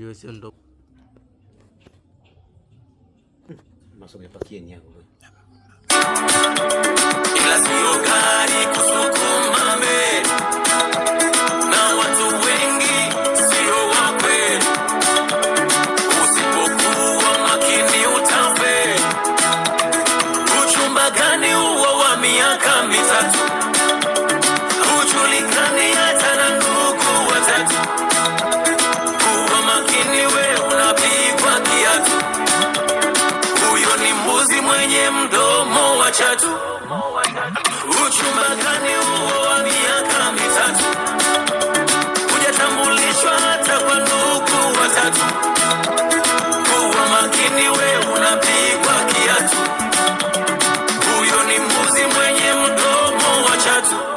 ജ്യൂസ് ഉണ്ടോ Más o menos para 100 años, güey. watatu, uchumba gani huo wa miaka mitatu? Hujatambulishwa hata kwa ndugu watatu. Kuwa makini, we unapigwa kiatu. Huyo ni mbuzi mwenye mdomo wa chatu.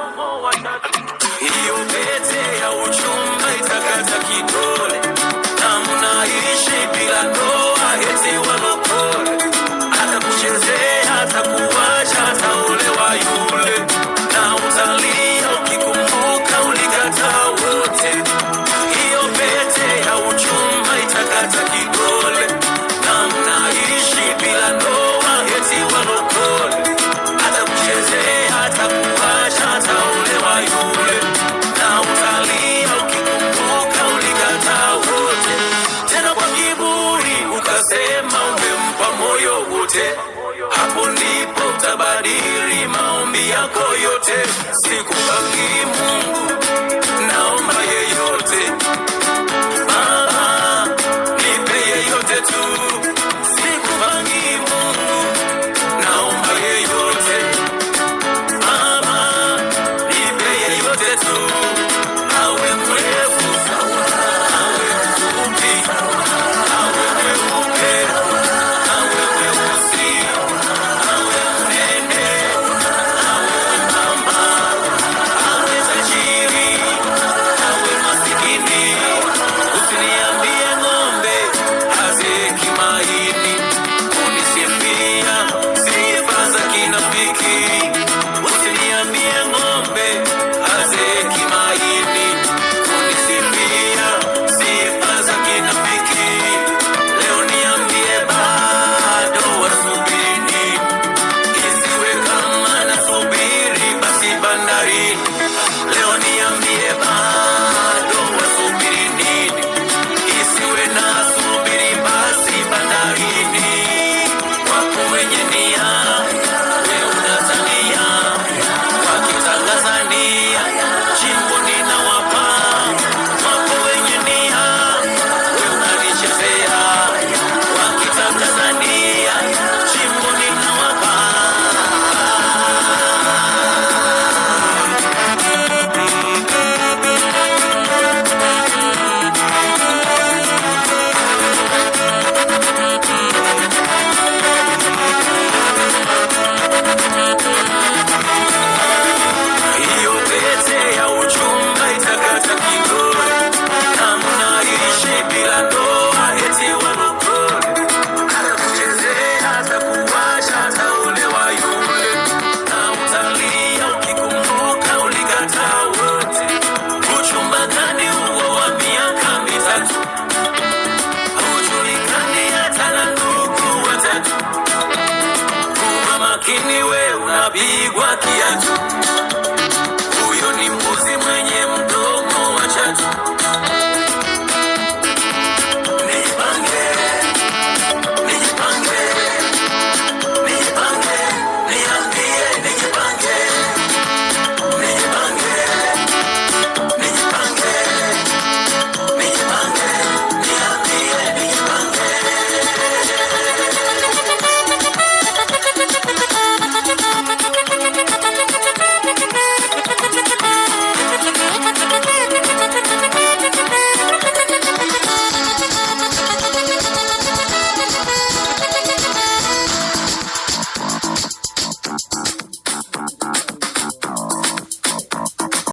igual que antes.